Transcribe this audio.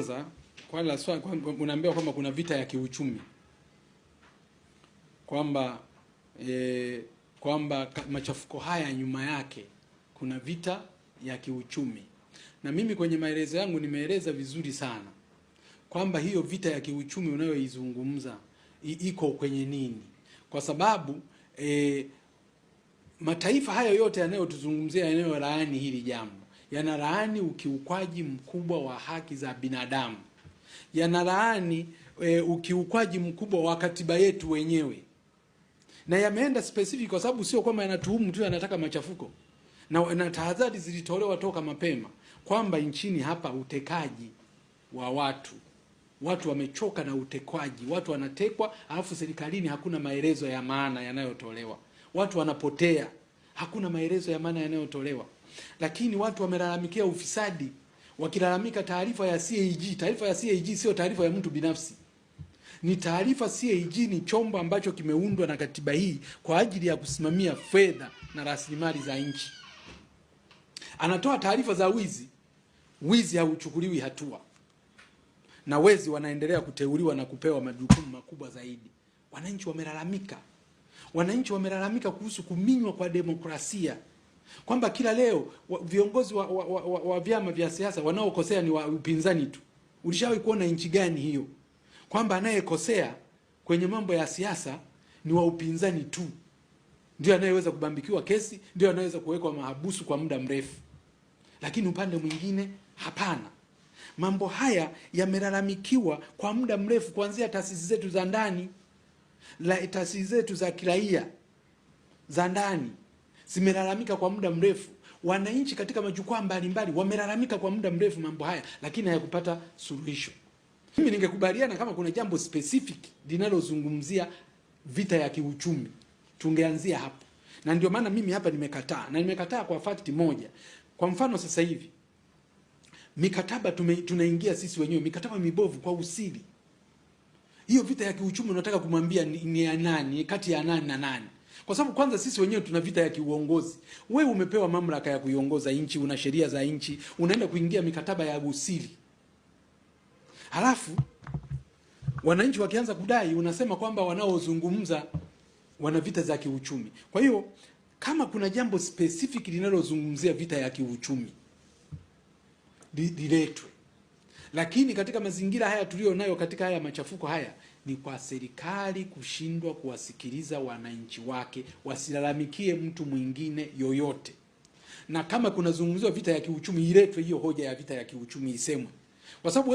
Kwanza kwa la swali kwa, unaambiwa kwamba kuna vita ya kiuchumi kwamba e, kwamba machafuko haya nyuma yake kuna vita ya kiuchumi, na mimi kwenye maelezo yangu nimeeleza vizuri sana kwamba hiyo vita ya kiuchumi unayoizungumza iko kwenye nini, kwa sababu e, mataifa hayo yote yanayotuzungumzia yanayolaani hili jambo yanalaani ukiukwaji mkubwa wa haki za binadamu, yanalaani e, ukiukwaji mkubwa wa katiba yetu wenyewe, na yameenda specific kwa sababu sio kwamba yanatuhumu tu, yanataka machafuko na, na tahadhari zilitolewa toka mapema kwamba nchini hapa utekaji wa watu watu wamechoka na utekwaji, watu wanatekwa, alafu serikalini hakuna maelezo ya maana yanayotolewa, watu wanapotea, hakuna maelezo ya maana yanayotolewa lakini watu wamelalamikia ufisadi, wakilalamika taarifa ya CAG. Taarifa ya CAG sio taarifa ya mtu binafsi, ni taarifa. CAG ni chombo ambacho kimeundwa na katiba hii kwa ajili ya kusimamia fedha na rasilimali za nchi. Anatoa taarifa za wizi, wizi hauchukuliwi hatua, na wezi wanaendelea kuteuliwa na kupewa majukumu makubwa zaidi. Wananchi wamelalamika, wananchi wamelalamika kuhusu kuminywa kwa demokrasia kwamba kila leo wa, viongozi wa, wa, wa, wa, vyama vya siasa wanaokosea ni wa upinzani tu. Ulishawahi kuona nchi gani hiyo, kwamba anayekosea kwenye mambo ya siasa ni wa upinzani tu ndio anayeweza kubambikiwa kesi, ndio anayeweza kuwekwa mahabusu kwa muda mrefu. Lakini upande mwingine hapana. Mambo haya yamelalamikiwa kwa muda mrefu, kuanzia taasisi zetu za ndani, taasisi zetu za kiraia za ndani zimelalamika kwa muda mrefu. Wananchi katika majukwaa mbalimbali wamelalamika kwa muda mrefu mambo haya, lakini hayakupata suluhisho. Mimi ningekubaliana kama kuna jambo specific linalozungumzia vita ya kiuchumi, tungeanzia hapo, na ndio maana mimi hapa nimekataa, na nimekataa kwa fact moja. Kwa mfano sasa hivi mikataba tume, tunaingia sisi wenyewe mikataba mibovu kwa usiri. Hiyo vita ya kiuchumi unataka kumwambia ni, ni ya nani, kati ya nani na nani? Kwa sababu kwanza sisi wenyewe tuna vita ya kiuongozi. Wewe umepewa mamlaka ya kuiongoza nchi, una sheria za nchi, unaenda kuingia mikataba ya usiri, halafu wananchi wakianza kudai unasema kwamba wanaozungumza wana vita za kiuchumi. Kwa hiyo kama kuna jambo specific linalozungumzia vita ya kiuchumi liletwe, lakini katika mazingira haya tuliyo nayo, katika haya machafuko haya ni kwa serikali kushindwa kuwasikiliza wananchi wake wasilalamikie mtu mwingine yoyote. Na kama kunazungumziwa vita ya kiuchumi, iletwe hiyo hoja ya vita ya kiuchumi isemwe, kwa sababu